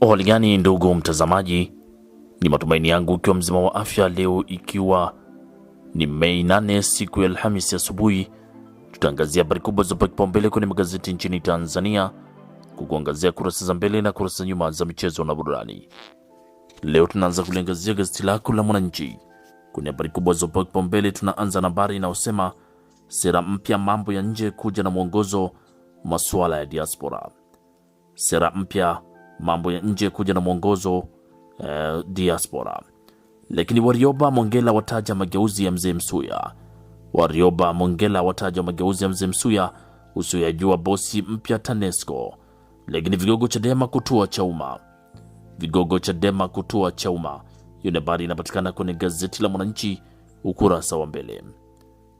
Oh, hali gani ndugu mtazamaji, ni matumaini yangu ukiwa mzima wa afya leo, ikiwa ni Mei 8 siku ya Alhamisi asubuhi, tutaangazia habari kubwa zopa kipaumbele kwenye magazeti nchini Tanzania, kukuangazia kurasa za mbele na kurasa za nyuma za michezo na burudani. Leo tunaanza kuliangazia gazeti lako la Mwananchi kwenye habari kubwa zopa kipaumbele. Tunaanza na habari inayosema sera mpya mambo ya nje kuja na mwongozo masuala ya diaspora. Sera mpya mambo ya nje kuja na mwongozo eh, diaspora. Lakini Warioba Mongela wataja mageuzi ya mzee Msuya. Warioba Mongela wataja mageuzi ya mzee Msuya usiyojua bosi mpya TANESCO. Lakini vigogo Chadema kutua Chauma, vigogo Chadema kutua umma. Hiyo ni habari inapatikana kwenye gazeti la Mwananchi ukurasa wa mbele.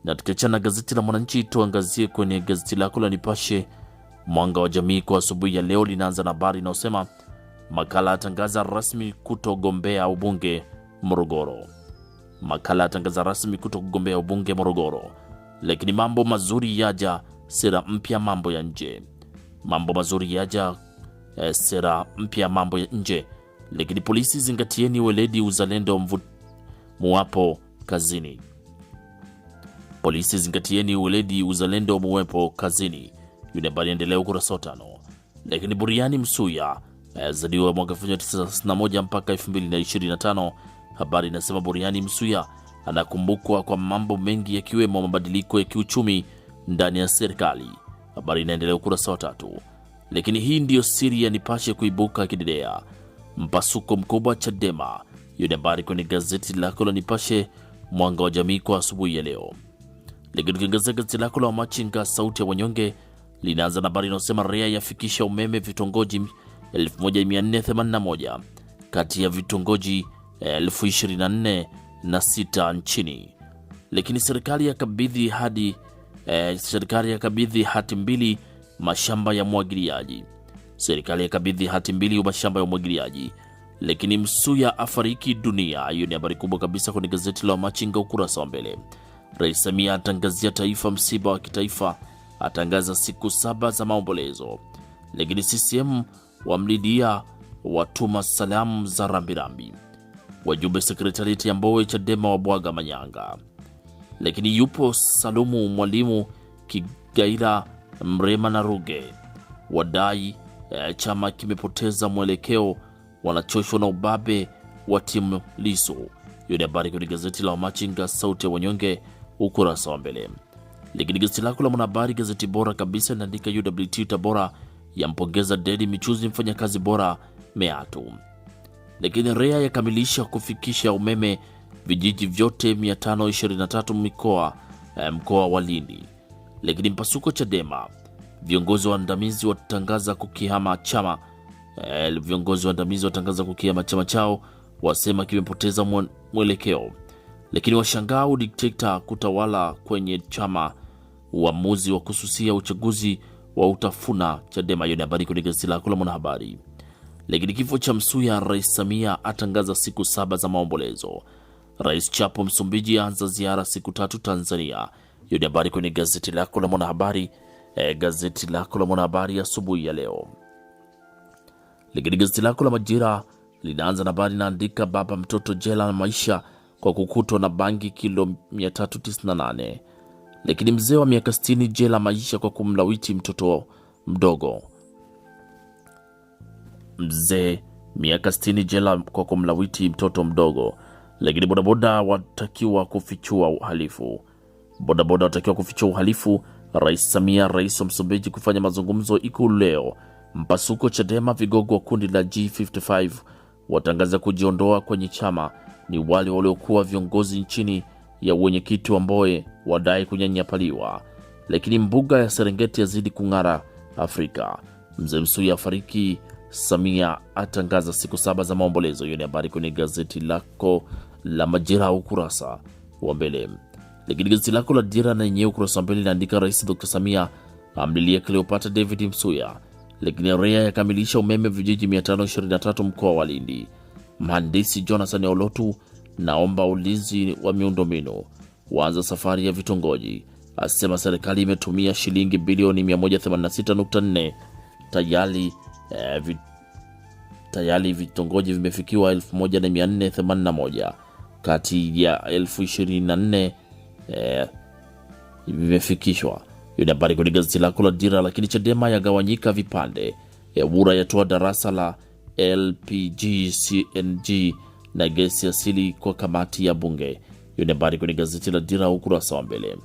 Na tukiachana gazeti la Mwananchi, tuangazie kwenye gazeti lako la Nipashe Mwanga wa Jamii kwa asubuhi ya leo linaanza na habari inayosema Makala atangaza rasmi kutogombea ubunge Morogoro. Makala atangaza rasmi kutogombea ubunge Morogoro. Lakini mambo mazuri yaja sera mpya mambo ya nje. Mambo mazuri yaja e, sera mpya mambo ya nje. Lakini polisi zingatieni weledi uzalendo mvu... muwapo kazini. Polisi zingatieni weledi uzalendo muwepo kazini yule ambaye anaendelea ukurasa wa tano. Lakini Buriani Msuya azaliwa eh, mwaka 1961 mpaka 2025. Habari inasema Buriani Msuya anakumbukwa kwa mambo mengi yakiwemo mabadiliko ya kiuchumi ndani ya serikali. Habari inaendelea ukurasa wa tatu. Lakini hii ndiyo siri ya Nipashe kuibuka kidedea, mpasuko mkubwa Chadema. Hiyo ni habari kwenye gazeti lako la Nipashe mwanga wa jamii kwa asubuhi ya leo. Lakini ukiangazia gazeti lako la Wamachinga sauti ya wanyonge linaanza na habari inayosema REA yafikisha umeme vitongoji 1481 kati ya vitongoji 1024 na sita nchini. Lakini serikali yakabidhi hadi eh, serikali yakabidhi hati mbili mashamba ya mwagiliaji. Serikali yakabidhi hati mbili mashamba ya mwagiliaji. Lakini Msuya afariki dunia. Hiyo ni habari kubwa kabisa kwenye gazeti la machinga ukurasa wa mbele. Rais Samia atangazia taifa msiba wa kitaifa atangaza siku saba za maombolezo, lakini CCM wamlidia, watuma salamu za rambirambi. Wajumbe sekretarieti ya Mbowe Chadema wabwaga manyanga, lakini yupo Salumu Mwalimu Kigaila Mrema na Ruge wadai eh, chama kimepoteza mwelekeo, wanachoshwa na ubabe wa timu Lisu. Hiyo ni habari kwenye gazeti la Wamachinga, sauti ya wanyonge, ukurasa wa mbele. Lakini gazeti lako la Mwanahabari, gazeti bora kabisa, linaandika UWT Tabora yampongeza Dedi Michuzi mfanyakazi bora Meatu. Lakini REA yakamilisha kufikisha umeme vijiji vyote 523 mikoa eh, mkoa wa Lindi. Lakini mpasuko Chadema, viongozi waandamizi watangaza kukihama chama e, viongozi waandamizi watangaza kukihama chama chao, wasema kimepoteza mwelekeo. Lakini washangaa udikteta kutawala kwenye chama uamuzi wa kususia uchaguzi wa utafuna Chadema. Hiyo ni habari kwenye gazeti lako la Mwanahabari. Lakini kifo cha Msuya, Rais Samia atangaza siku saba za maombolezo. Rais Chapo Msumbiji aanza ziara siku tatu Tanzania. Hiyo ni habari kwenye gazeti lako la Mwanahabari, e, gazeti lako la Mwanahabari asubuhi ya, ya leo. Lakini gazeti lako la Majira linaanza na habari inaandika baba mtoto jela na maisha kwa kukutwa na bangi kilo 398 lakini mzee wa miaka sitini jela maisha kwa kumlawiti mtoto mdogo. Mzee miaka sitini jela kwa kumlawiti mtoto mdogo, lakini bodaboda watakiwa kufichua uhalifu. Bodaboda watakiwa kufichua uhalifu. Rais Samia, rais wa Msumbiji, kufanya mazungumzo Ikulu leo. Mpasuko Chadema, vigogo wa kundi la G55 watangaza kujiondoa kwenye chama. Ni wale waliokuwa viongozi nchini ya wenyekiti wa Mboe wadai kunyanyapaliwa, lakini mbuga ya Serengeti yazidi kung'ara Afrika. Mzee Msuya afariki, Samia atangaza siku saba za maombolezo. Hiyo ni habari kwenye gazeti lako la Majira ukurasa wa mbele, lakini gazeti lako la Dira na yenyewe ukurasa wa mbele linaandika Rais Dr Samia amlilia Cleopatra David Msuya, lakini REA yakamilisha umeme vijiji 523 mkoa wa Lindi. Mhandisi Jonathan Olotu naomba ulinzi wa miundombinu kuanza safari ya vitongoji, asema serikali imetumia shilingi bilioni 186.4 tayari eh, vit, tayari vitongoji vimefikiwa 1481 kati ya 24 eh, vimefikishwa. Hiyo ni habari kwenye gazeti lako la Dira. Lakini Chadema yagawanyika vipande, eh, Wura yatoa darasa la LPG CNG na gesi asili kwa kamati ya bunge. Hiyo ni habari kwenye gazeti la Dira ukurasa wa mbele.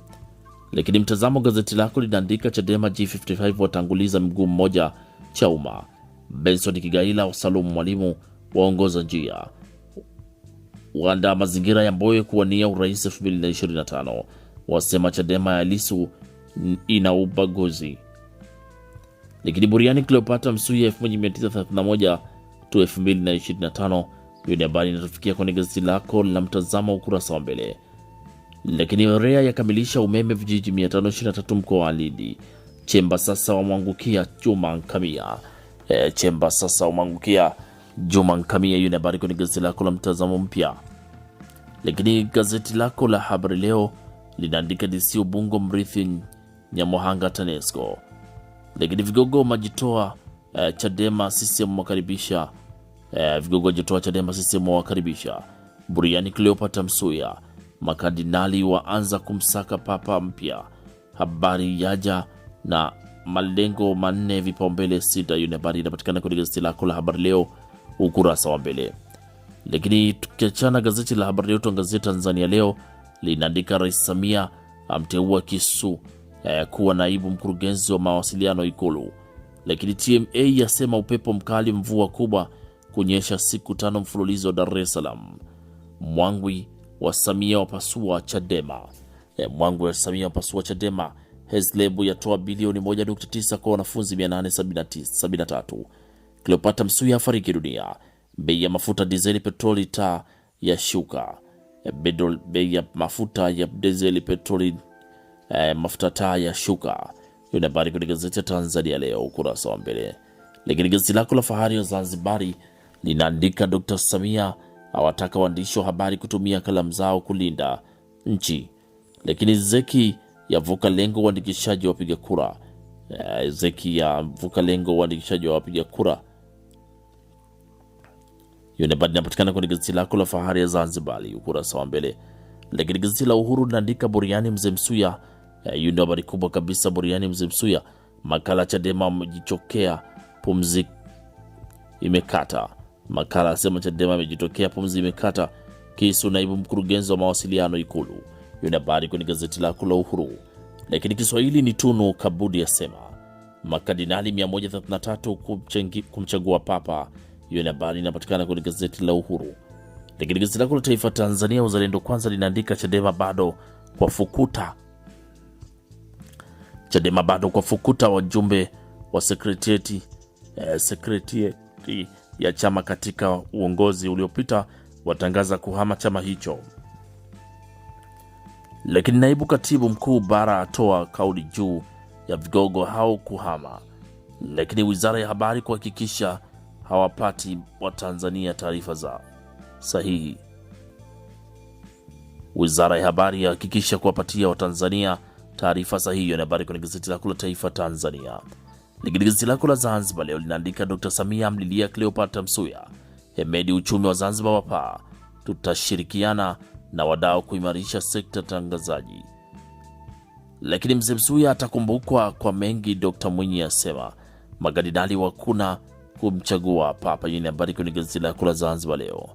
Lakini mtazamo gazeti lako linaandika Chadema G55 watanguliza mguu mmoja Chauma, Benson Kigaila Wasalumu Mwalimu waongoza njia, waandaa mazingira ya Mboye kuwania urais 2025, wasema Chadema ya Lisu ina ubaguzi. Lakini buriani Cleopatra Msuya 1931 to 2025 hiyo ni habari inatufikia kwenye gazeti lako la Mtazamo ukurasa wa mbele. Lakini REA yakamilisha umeme vijiji 523 mkoa wa Lindi. Chemba sasa wamwangukia Juma Nkamia. E, Chemba sasa wamwangukia Juma Nkamia. Hiyo ni habari kwenye gazeti lako la Mtazamo mpya. Lakini gazeti lako la Habari Leo linaandika DC Ubungo mrithi Nyamohanga TANESCO. Lakini vigogo majitoa, e, Chadema CCM wakaribisha eh, vigogo joto wa Chadema CCM wawakaribisha buriani. Cleopatra Msuya, makardinali waanza kumsaka papa mpya. Habari yaja na malengo manne vipaumbele sita. Hiyo ni habari inapatikana kwenye gazeti lako la habari leo ukurasa wa mbele. Lakini tukiachana gazeti la habari leo, tuangazie Tanzania Leo linaandika Rais Samia amteua Kisu ya eh, kuwa naibu mkurugenzi wa mawasiliano Ikulu. Lakini TMA yasema upepo mkali, mvua kubwa kunyesha siku tano mfululizo Dar es Salaam. Mwangwi wa Samia wapasua Chadema. E, mwangwi wa Samia wapasua Chadema. Hezlebu yatoa bilioni 1.9 kwa wanafunzi 873. Cleopatra Msuya afariki dunia. Bei ya mafuta dizeli petroli ta ya shuka. E, bei ya mafuta ya dizeli petroli eh, mafuta ta ya shuka. Yuna ni habari kwenye gazeti ya Tanzania leo ukurasa wa mbele. Lakini gazeti lako la fahari ya Zanzibari linaandika Dr. Samia awataka waandishi wa habari kutumia kalamu zao kulinda nchi, lakini zeki yavuka lengo uandikishaji wa wapiga kura. Eh, zeki yavuka lengo uandikishaji wa wapiga kura. Hiyo ni habari inapatikana kwenye gazeti lako la fahari ya Zanzibar ukurasa wa mbele. Lakini gazeti la Uhuru linaandika buriani mzee Msuya. Eh, hiyo ndio habari kubwa kabisa, buriani mzee Msuya. Makala Chadema mjichokea pumzi imekata Makala asema Chadema amejitokea pumzi imekata. Kisu naibu mkurugenzi wa mawasiliano Ikulu. Hiyo ni habari kwenye gazeti lako la Uhuru, lakini Kiswahili ni Tunu Kabudi asema makadinali 133 kumchagua Papa. Hiyo ni habari inapatikana kwenye gazeti la Uhuru, lakini gazeti lako la Taifa Tanzania Uzalendo Kwanza linaandika Chadema bado kwa fukuta Chadema bado kwa fukuta wajumbe wa sekretieti eh, sekretieti ya chama katika uongozi uliopita watangaza kuhama chama hicho. Lakini naibu katibu mkuu bara atoa kauli juu ya vigogo hao kuhama, lakini wizara ya habari kuhakikisha hawapati Watanzania taarifa za sahihi. Wizara ya habari yahakikisha kuwapatia Watanzania taarifa sahihi. Ni habari kwenye gazeti lako la Taifa Tanzania. Gazeti lako la Zanzibar leo linaandika Dr. Samia amlilia Cleopatra Msuya, Hemedi uchumi wa Zanzibar wapa, tutashirikiana na wadau kuimarisha sekta tangazaji. Lakini mzee Msuya atakumbukwa kwa mengi, Dr. Mwinyi asema magadidali wakuna kumchagua papa. Hii ni habari kwenye gazeti lako la Zanzibar leo.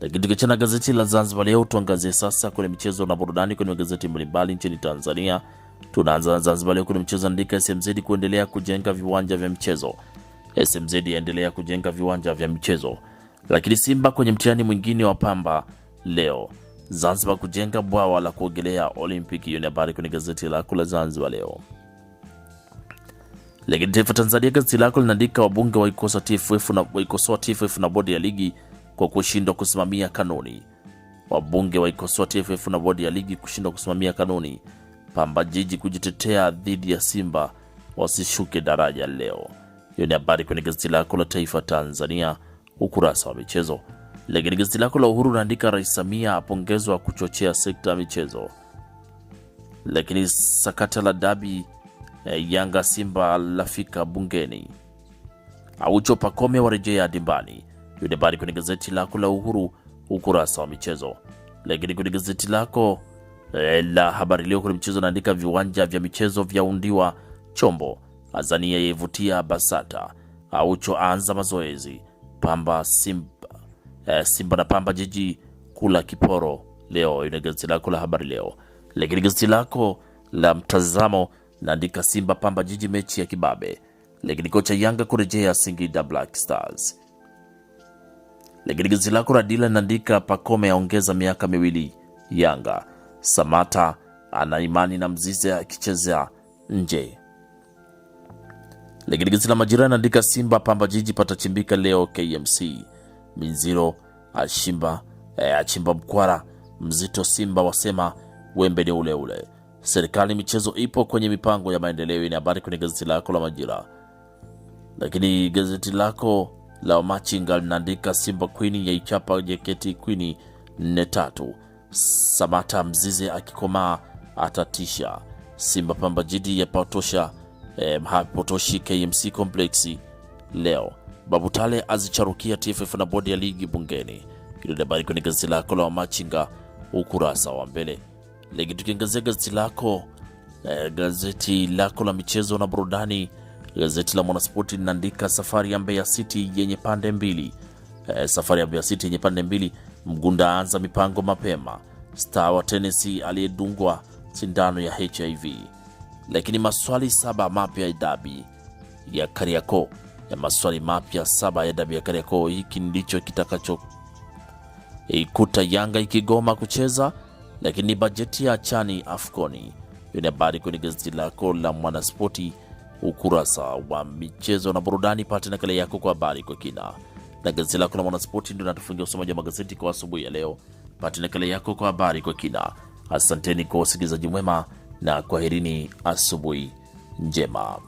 Lakini tukiachana gazeti la Zanzibar leo, tuangazie sasa kwenye michezo na burudani kwenye magazeti mbalimbali nchini Tanzania. Tunaanza Zanzibar leo kuna mchezo andika SMZ kuendelea kujenga viwanja vya michezo. SMZ yaendelea kujenga viwanja vya michezo. Lakini Simba kwenye mtihani mwingine wa Pamba leo. Zanzibar kujenga bwawa la kuogelea Olympic. Hiyo ni habari kwenye gazeti lako la Zanzibar leo. Lakini Taifa Tanzania gazeti lako linaandika wabunge waikosoa TFF na waikosoa TFF na bodi ya ligi kwa kushindwa kusimamia kanuni. Wabunge waikosoa TFF na bodi ya ligi kushindwa kusimamia kanuni. Pamba Jiji kujitetea dhidi ya Simba wasishuke daraja leo. Hiyo ni habari kwenye gazeti lako la Taifa Tanzania ukurasa wa michezo. Lakini gazeti lako la Uhuru unaandika Rais Samia apongezwa kuchochea sekta ya michezo. Lakini sakata la dabi eh, Yanga Simba lafika bungeni. Aucho Pakome warejea dimbani. Hiyo ni habari kwenye gazeti lako la Uhuru ukurasa wa michezo. Lakini kwenye gazeti lako Eh, la Habari Leo kwenye michezo naandika viwanja vya michezo vya undiwa chombo, azania yevutia BASATA, Aucho anza mazoezi Pamba, Simba, e, Simba na Pamba jiji kula kiporo leo. Ina gazeti lako la Habari Leo, lakini gazeti lako la Mtazamo naandika Simba Pamba jiji mechi ya kibabe, lakini kocha Yanga kurejea Singida Black Stars. Lakini gazeti lako la Dila naandika Pakome aongeza miaka miwili Yanga Samata ana imani na Mzize akichezea nje. Lakini gazeti la Majira Simba Pamba Jiji patachimbika leo KMC. Minziro ashimba e, eh, achimba mkwara mzito. Simba wasema wembe ni ule ule. Serikali michezo ipo kwenye mipango ya maendeleo. Ni habari kwenye gazeti lako la Majira. Lakini gazeti lako la Machinga linaandika Simba Queen yaichapa JKT Queen nne tatu. Samata Mzize akikomaa atatisha. Simba Pamba Jidi yapotosha eh, hapotoshi KMC Complex leo. babutale azicharukia TFF na bodi ya ligi bungeni. Hilo ni habari kwenye gazeti lako la Wamachinga ukurasa wa mbele. Lakini tukiangazia gazeti lako eh, gazeti lako la michezo na burudani, gazeti la Mwanaspoti linaandika safari ya Mbeya City yenye pande mbili eh, safari ya Mbeya City yenye pande mbili Mgunda aanza mipango mapema. Star wa tenisi aliyedungwa sindano ya HIV. Lakini maswali saba mapya ya dabi ya Kariakoo ya maswali mapya saba ya dabi ya Kariakoo. Hiki ndicho ikuta Yanga ikigoma kucheza, lakini bajeti ya chani Afconi. Hiyo ni habari kwenye gazeti lako la Mwanaspoti ukurasa wa michezo na burudani. Pate nakala yako kwa habari kwa kina na gazeti lako la Mwanaspoti ndio natufungia usomaji wa magazeti kwa asubuhi ya leo. Pata nakala yako kwa habari kwa kina. Asanteni kwa usikilizaji mwema na kwaherini, asubuhi njema.